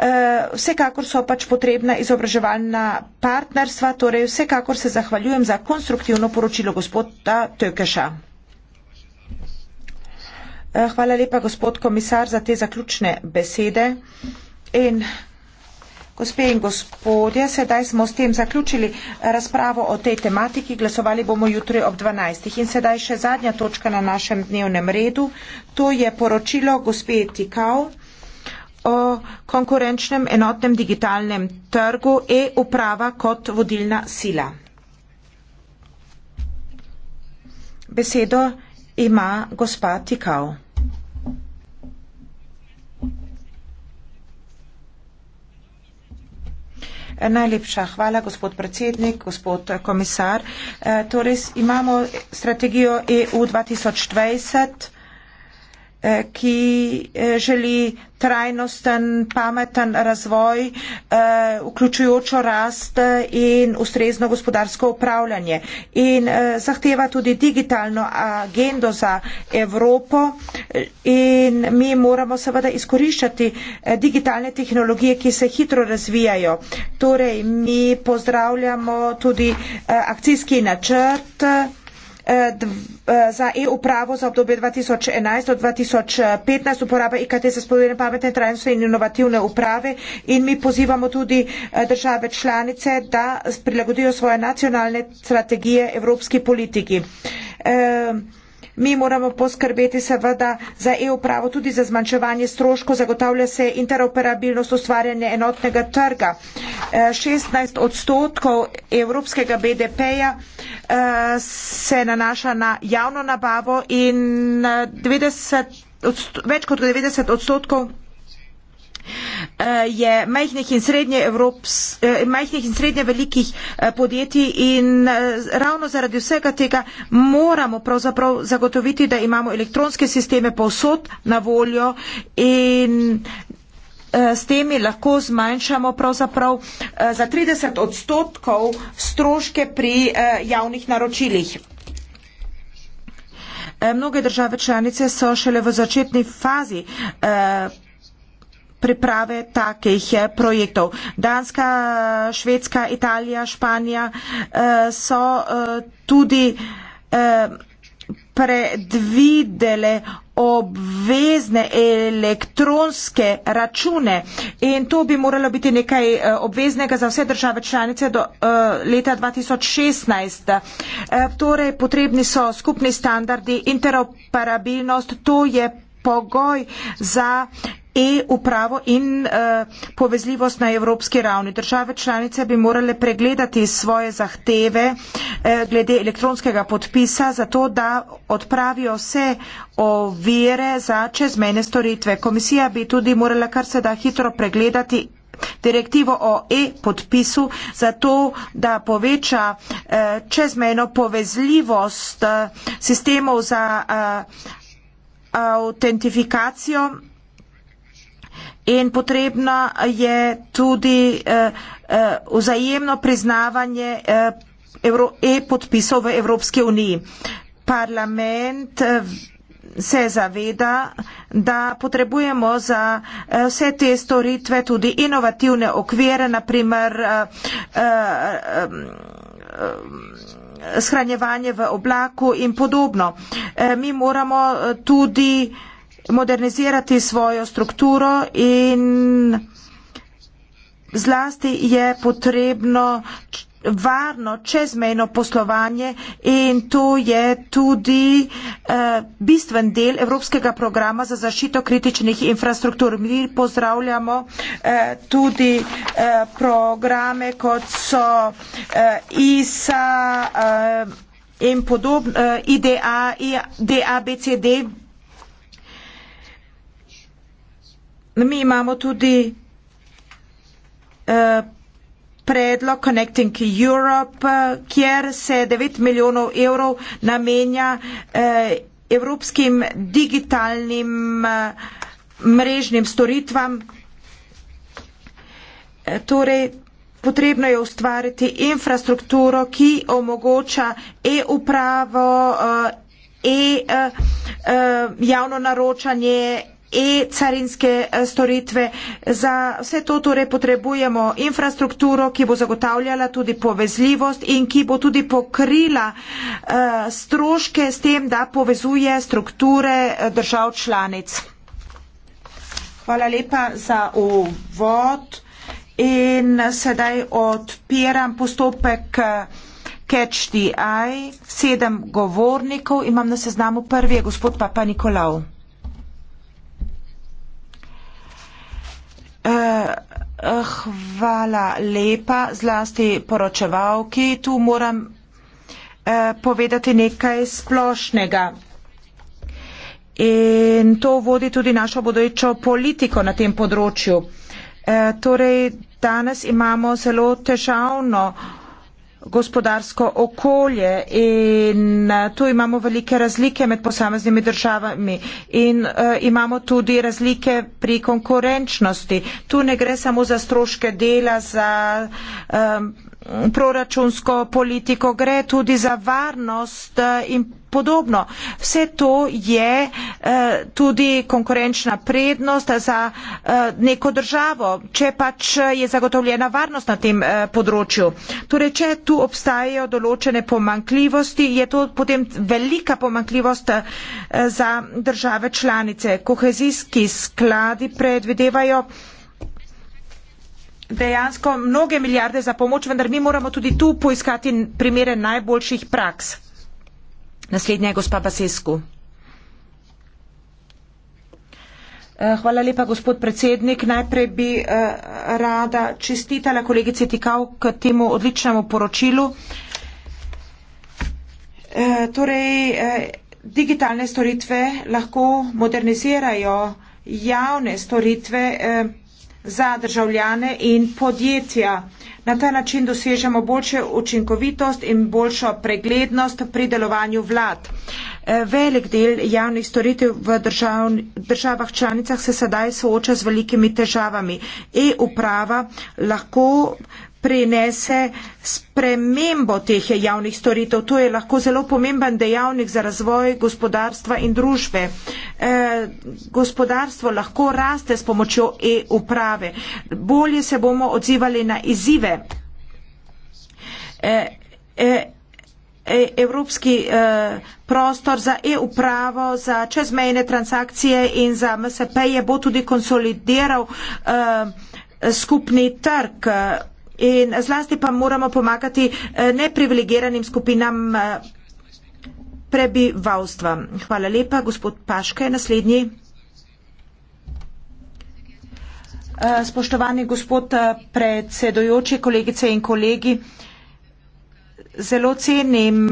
Eh, vsekakor so pač potrebna izobraževalna partnerstva, torej vsekakor se zahvaljujem za konstruktivno poročilo gospoda Tökeša. Eh, hvala lepa, gospod komisar, za te zaključne besede. In gospe in gospodje, sedaj smo s tem zaključili razpravo o tej tematiki. Glasovali bomo jutri ob 12. In sedaj še zadnja točka na našem dnevnem redu. To je poročilo gospe Tikao o konkurenčnem enotnem digitalnem trgu e-uprava kot vodilna sila. Besedo ima gospa Tikao. Najlepša hvala, gospod predsednik, gospod komisar. E, torej imamo strategijo EU 2020. Eh, ki eh, želi trajnosten, pameten razvoj, eh, vključujočo rast in ustrezno gospodarsko upravljanje. In zahteva tudi digitalno agendo za Evropo in mi moramo seveda izkoriščati digitalne tehnologije, ki se hitro razvijajo. Torej, mi pozdravljamo tudi akcijski načrt Eh, eh, za e-upravo za obdobje 2011 do 2015 uporaba IKT e za spodobljene pametne trajnostne in inovativne uprave in mi pozivamo tudi eh, države članice, da prilagodijo svoje nacionalne strategije evropski politiki. Ehm, mi moramo poskrbeti seveda za e-upravo tudi za zmanjševanje stroškov, zagotavlja se interoperabilnost ustvarjanja enotnega trga. Uh, 16 odstotkov evropskega BDP-ja eh, se nanaša na javno nabavo in 90, eh, več kot 90 odstotkov eh, je majhnih in, srednje Evrops, majhnih in srednje velikih podjetij in ravno zaradi vsega tega moramo pravzaprav zagotoviti, da imamo elektronske sisteme povsod na voljo in Eh, s temi lahko zmanjšamo pravzaprav eh, za 30 odstotkov stroške pri eh, javnih naročilih. Mnoge države članice so šele v začetni fazi priprave takih projektov. Danska, Švedska, Italija, Španija so tudi predvidele obvezne elektronske račune in to bi moralo biti nekaj eh, obveznega za vse države članice do eh, leta 2016. Eh, torej, potrebni so skupni standardi, interoperabilnost, to je pogoj za e-upravo in uh, povezljivost na evropski ravni. Države članice bi morale pregledati svoje zahteve uh, glede elektronskega podpisa, zato da odpravijo vse ovire za čezmene storitve. Komisija bi tudi morala kar se da hitro pregledati direktivo o e-podpisu, zato da poveča uh, eh, čezmeno povezljivost uh, sistemov za. Uh, autentifikacijo in potrebna je tudi eh, eh, vzajemno priznavanje eh, e-podpisov v Evropski uniji. Parlament se zaveda, da potrebujemo za vse te storitve tudi inovativne okvire, naprimer shranjevanje v oblaku in podobno. Mi moramo tudi modernizirati svojo strukturo in zlasti je potrebno varno čezmejno poslovanje in to je tudi eh, bistven del Evropskega programa za zaščito kritičnih infrastruktur. Mi pozdravljamo eh, tudi eh, programe, kot so eh, ISA eh, in podobno, eh, IDA, IDA, BCD, Mi imamo tudi uh, predlog Connecting Europe, eh, kjer se 9 milijonov evrov namenja uh, evropskim digitalnim uh, mrežnim storitvam. Torej, potrebno je ustvariti infrastrukturo, ki omogoča e-upravo, e-javno e, naročanje, e-carinske eh, storitve. Za vse to torej potrebujemo infrastrukturo, ki bo zagotavljala tudi povezljivost in ki bo tudi pokrila eh, stroške s tem, da povezuje strukture eh, držav članic. Hvala lepa za uvod in sedaj odpiram postopek Catch the Eye. Sedem govornikov imam na seznamu. Prvi je gospod Papa Nikolaou. Uh, hvala lepa, zlasti poročevalki. Tu moram uh, povedati nekaj splošnega. In to vodi tudi našo bodojčo politiko na tem področju. Uh, torej, danes imamo zelo težavno uh, gospodarsko okolje in eh, tu imamo velike razlike med posameznimi državami in uh, imamo tudi razlike pri konkurenčnosti. Tu ne gre samo za stroške dela, za um, proračunsko politiko, gre tudi za varnost eh, in podobno. Vse to je eh, tudi konkurenčna prednost za eh, neko državo, če pač je zagotovljena varnost na tem področju. Torej, če tu obstajajo določene pomankljivosti, je to potem velika pomankljivost za države članice. Kohezijski skladi predvidevajo dejansko mnoge milijarde za pomoč, vendar mi moramo tudi tu poiskati primere najboljših praks. Naslednja je gospa Basescu. Eh, hvala lepa, gospod predsednik. Najprej bi eh, rada čestitala kolegici Tikav k temu odličnemu poročilu. Eh, torej, digitalne storitve lahko modernizirajo javne storitve za državljane in podjetja. Na ta način dosežemo boljšo učinkovitost in boljšo preglednost pri delovanju vlad. E, velik del javnih storitev v držav, državah članicah se sedaj sooča z velikimi težavami. E-uprava lahko prinese spremembo teh javnih storitev. To je lahko zelo pomemben dejavnik za razvoj gospodarstva in družbe. E, gospodarstvo lahko raste s pomočjo e-uprave. Bolje se bomo odzivali na izzive. E, e, Evropski eh, prostor za e-upravo, za čezmejne transakcije in za MSP je bo tudi konsolidiral eh, skupni trg. Eh, in zlasti pa moramo pomagati eh, neprivilegiranim skupinam eh, prebivalstva. Hvala lepa. Gospod Paške, naslednji. Eh, spoštovani gospod predsedojoči, kolegice in kolegi, zelo cenim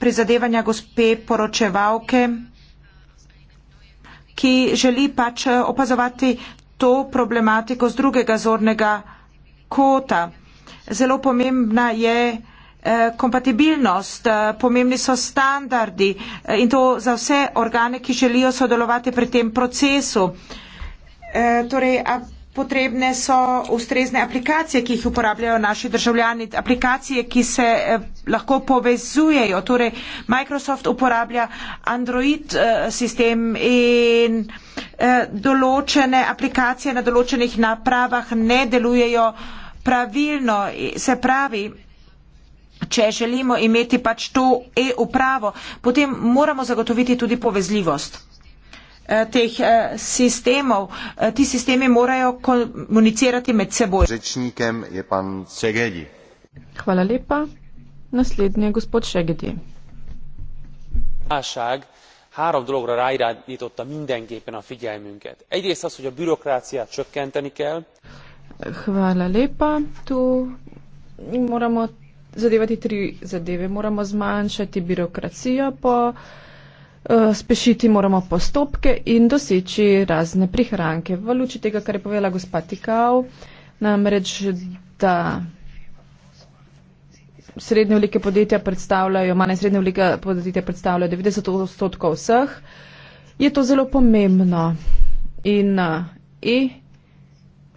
prizadevanja gospe poročevalke, ki želi pač opazovati to problematiko z drugega zornega kota zelo pomembna je eh, kompatibilnost, eh, pomembni so standardi eh, in to za vse organe, ki želijo sodelovati pri tem procesu. Torej, potrebne so ustrezne aplikacije, ki jih uporabljajo naši državljani, aplikacije, ki se lahko povezujejo. Torej, Microsoft uporablja Android sistem in določene aplikacije na določenih napravah ne delujejo pravilno, se pravi, če želimo imeti pač to e-upravo, potem moramo zagotoviti tudi povezljivost eh, teh eh, sistemov. Eh, ti sistemi morajo komunicirati med seboj. Je pan Hvala lepa. Naslednji je gospod Šegedi. Válság három dologra ráirányította mindenképpen a figyelmünket. Egyrészt az, hogy a bürokráciát csökkenteni kell. Hvala lepa. Tu moramo zadevati tri zadeve. Moramo zmanjšati birokracijo, po, eh, spešiti moramo postopke in doseči razne prihranke. V luči tega, kar je povedala gospa Tikal, namreč, da srednje velike podjetja predstavljajo, manj srednje velike podjetja predstavljajo 90 odstotkov vseh, je to zelo pomembno. In, uh,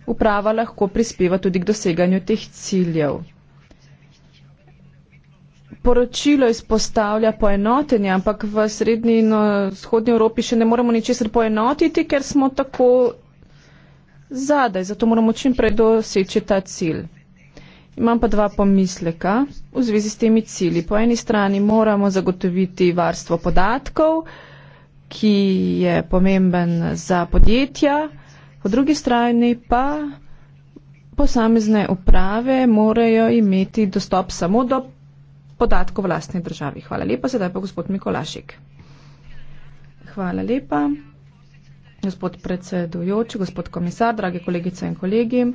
uprava lahko prispeva tudi k doseganju teh ciljev. Poročilo izpostavlja poenotenje, ampak v srednji in vzhodnji Evropi še ne moremo ničesar poenotiti, ker smo tako zadaj, zato moramo čim prej doseči ta cilj. Imam pa dva pomisleka v zvezi s temi cili. Po eni strani moramo zagotoviti varstvo podatkov, ki je pomemben za podjetja. Po drugi strani pa posamezne uprave morajo imeti dostop samo do podatkov v lastni državi. Hvala lepa, sedaj pa gospod Mikolašik. Hvala lepa, gospod predsedujoči, gospod komisar, drage kolegice in kolegi.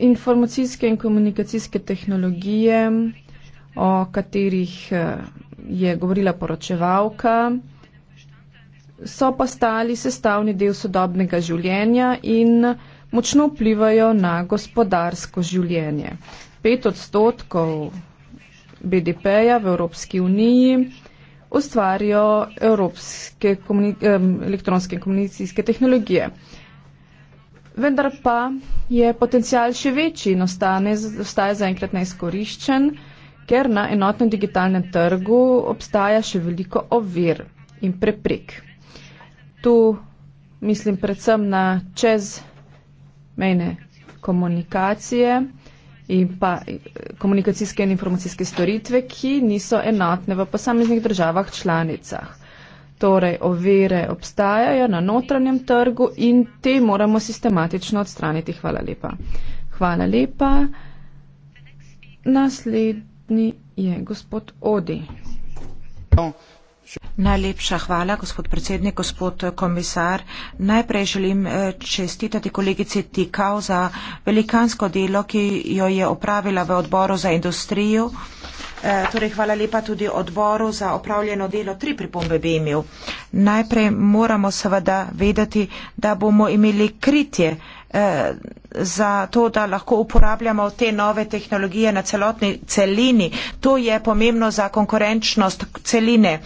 Informacijske in komunikacijske tehnologije, o katerih eh, je govorila poročevalka, so pa stali sestavni del sodobnega življenja in močno vplivajo na gospodarsko življenje. Pet odstotkov BDP-ja v Evropski uniji ustvarijo evropske komuni elektronske komunikacijske tehnologije. Vendar pa je potencial še večji in ostane, ostaje zaenkrat neizkoriščen, ker na enotnem digitalnem trgu obstaja še veliko ovir in preprek tu mislim predvsem na čezmejne komunikacije in pa eh, komunikacijske in informacijske storitve, ki niso enotne v posameznih državah članicah. Torej, ovire obstajajo na notranjem trgu in te moramo sistematično odstraniti. Hvala lepa. Hvala lepa. Naslednji je gospod Odi. No, Najlepša hvala, gospod predsednik, gospod komisar. Najprej želim eh, čestitati kolegici Tikao za velikansko delo, ki jo je opravila v odboru za industrijo. Eh, torej, hvala lepa tudi odboru za opravljeno delo. Tri pripombe bi imel. Najprej moramo seveda vedeti, da bomo imeli kritje eh, za to, da lahko uporabljamo te nove tehnologije na celotni celini. To je pomembno za konkurenčnost celine.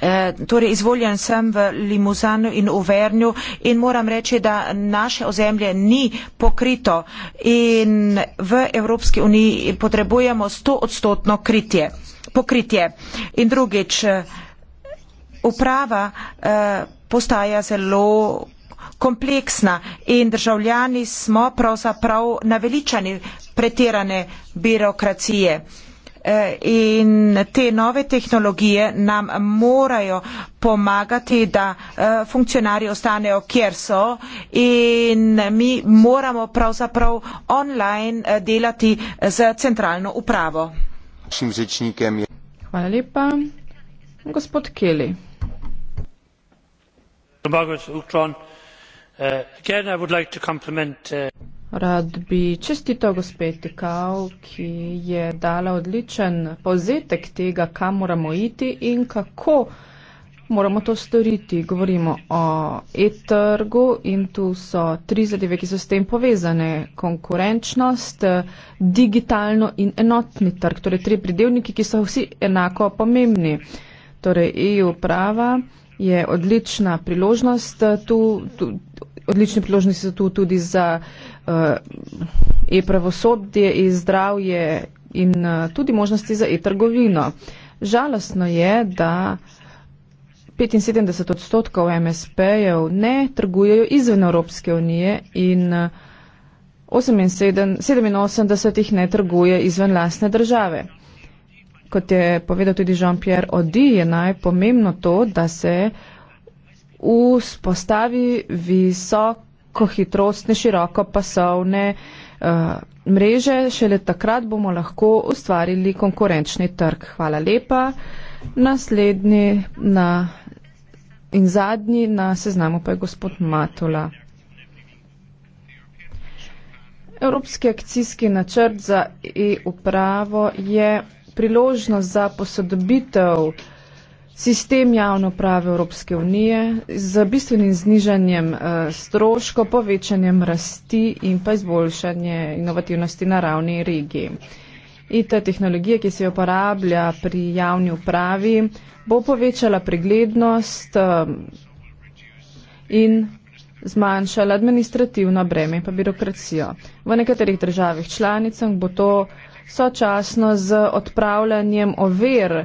Eh, torej izvoljen sem v Limuzanu in v Vernju in moram reči, da naše ozemlje ni pokrito in v Evropski uniji potrebujemo 100 odstotno kritje, pokritje. In drugič, uprava eh, postaja zelo kompleksna in državljani smo pravzaprav naveličani pretirane birokracije. Eh, in te nove tehnologije nam morajo pomagati, da eh, funkcionarji ostanejo, kjer so in mi moramo pravzaprav online eh, delati z centralno upravo. Hvala lepa. Gospod Kelly. Again, I would like to compliment uh, Rad bi čestito gospe Tikal, ki je dala odličen povzetek tega, kam moramo iti in kako moramo to storiti. Govorimo o e-trgu in tu so tri zadeve, ki so s tem povezane. Konkurenčnost, digitalno in enotni trg, torej tri pridevniki, ki so vsi enako pomembni. Torej EU prava je odlična priložnost, tu, tu, odlične priložnosti so tu tudi za uh, e-pravosodje, e-zdravje in uh, tudi možnosti za e-trgovino. Žalostno je, da 75 odstotkov MSP-jev ne trgujejo izven Evropske unije in 87 eh, jih ne trguje izven lastne države. Kot je povedal tudi Jean-Pierre Odi, je najpomembno to, da se vzpostavi visok visokohitrostne, širokopasovne uh, eh, mreže. Šele takrat bomo lahko ustvarili konkurenčni trg. Hvala lepa. Naslednji na in zadnji na seznamu pa je gospod Matula. Evropski akcijski načrt za e-upravo je priložnost za posodobitev sistem javno prave Evropske unije z bistvenim znižanjem eh, stroško, povečanjem rasti in pa izboljšanje inovativnosti na ravni regije. In ta tehnologija, ki se jo uporablja pri javni upravi, bo povečala preglednost eh, in zmanjšala administrativno breme in pa birokracijo. V nekaterih državih članicah bo to sočasno z odpravljanjem ovir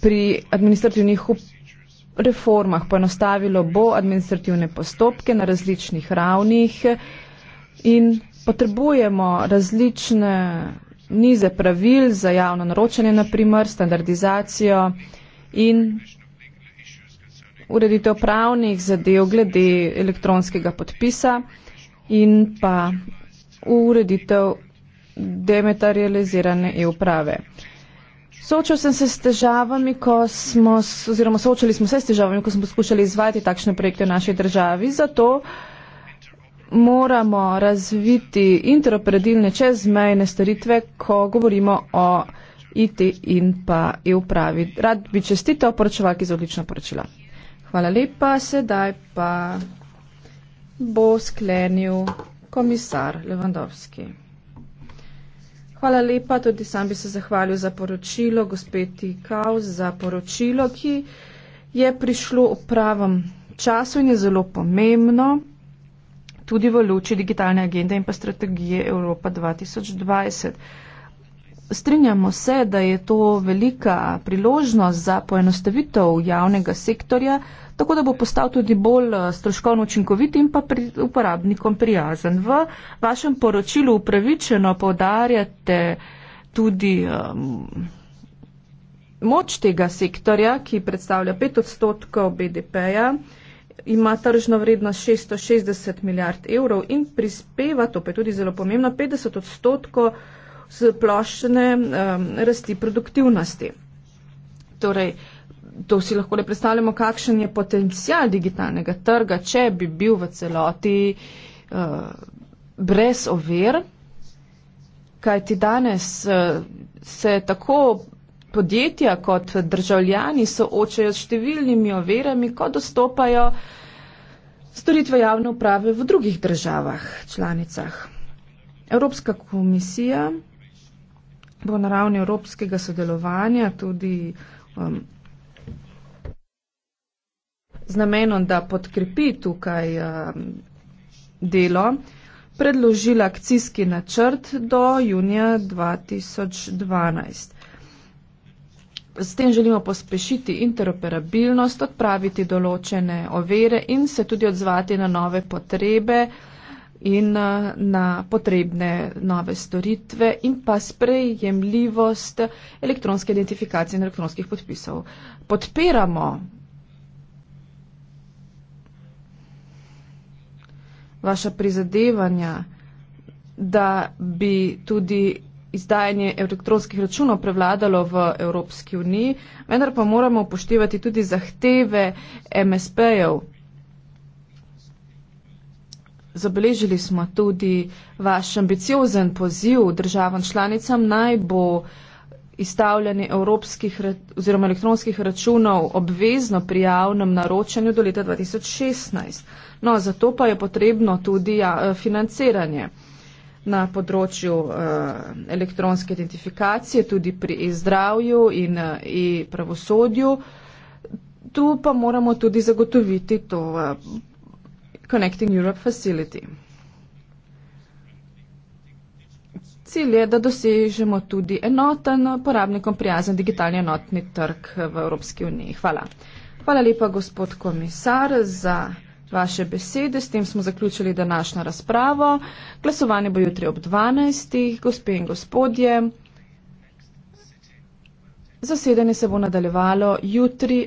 pri administrativnih reformah poenostavilo bo administrativne postopke na različnih ravnih in potrebujemo različne nize pravil za javno naročanje, naprimer standardizacijo in ureditev pravnih zadev glede elektronskega podpisa in pa ureditev demetarializirane e-uprave. Soočal sem se s težavami, ko smo, oziroma soočali smo se s težavami, ko smo poskušali izvajati takšne projekte v naši državi. Zato moramo razviti interoperabilne čezmejne storitve, ko govorimo o IT in pa e-upravi. Rad bi čestital poročevalki za odlična poročila. Hvala lepa, sedaj pa bo sklenil komisar Levandovski. Hvala lepa, tudi sam bi se zahvalil za poročilo, gospeti Kaus, za poročilo, ki je prišlo v pravem času in je zelo pomembno, tudi v luči digitalne agende in pa strategije Evropa 2020. Strinjamo se, da je to velika priložnost za poenostavitev javnega sektorja, tako da bo postal tudi bolj eh, stroškovno učinkovit in pa pri uporabnikom prijazen. V vašem poročilu upravičeno povdarjate tudi um, moč tega sektorja, ki predstavlja 5 odstotkov BDP-ja, ima tržno vrednost 660 milijard evrov in prispeva, to pa je tudi zelo pomembno, 50 odstotkov splošne um, rasti produktivnosti. Torej, uh, to si lahko le predstavljamo, kakšen je potencial digitalnega trga, če bi bil v celoti uh, brez ovir, kaj ti danes uh, se tako podjetja kot državljani soočajo s številnimi overami, ko dostopajo storitve javne uprave v drugih državah, članicah. Evropska komisija bo na ravni evropskega sodelovanja tudi um, z namenom, da podkrepi tukaj um, delo, predložila akcijski načrt do junija 2012. S tem želimo pospešiti interoperabilnost, odpraviti določene overe in se tudi odzvati na nove potrebe in uh, na potrebne nove storitve in pa sprejemljivost elektronske identifikacije in elektronskih podpisov. Podpiramo vaša prizadevanja, da bi tudi izdajanje elektronskih računov prevladalo v Evropski uniji, vendar pa moramo upoštevati tudi zahteve MSP-jev. Zabeležili smo tudi vaš ambiciozen poziv državam članicam naj bo uh, izstavljanje evropskih oziroma elektronskih računov obvezno pri javnem naročanju do leta 2016. No, zato pa je potrebno tudi ja, eh, financiranje na področju eh, elektronske identifikacije, tudi pri e-zdravju in eh, e-pravosodju. Tu pa moramo tudi zagotoviti to eh, Connecting Europe Facility. Cilj je, da dosežemo tudi enoten, porabnikom prijazen digitalni enotni trg v Evropski uniji. Hvala. Hvala lepa, gospod komisar, za vaše besede. S tem smo zaključili današnjo razpravo. Glasovanje bo jutri ob 12. Gospe in gospodje, zasedanje se bo nadaljevalo jutri.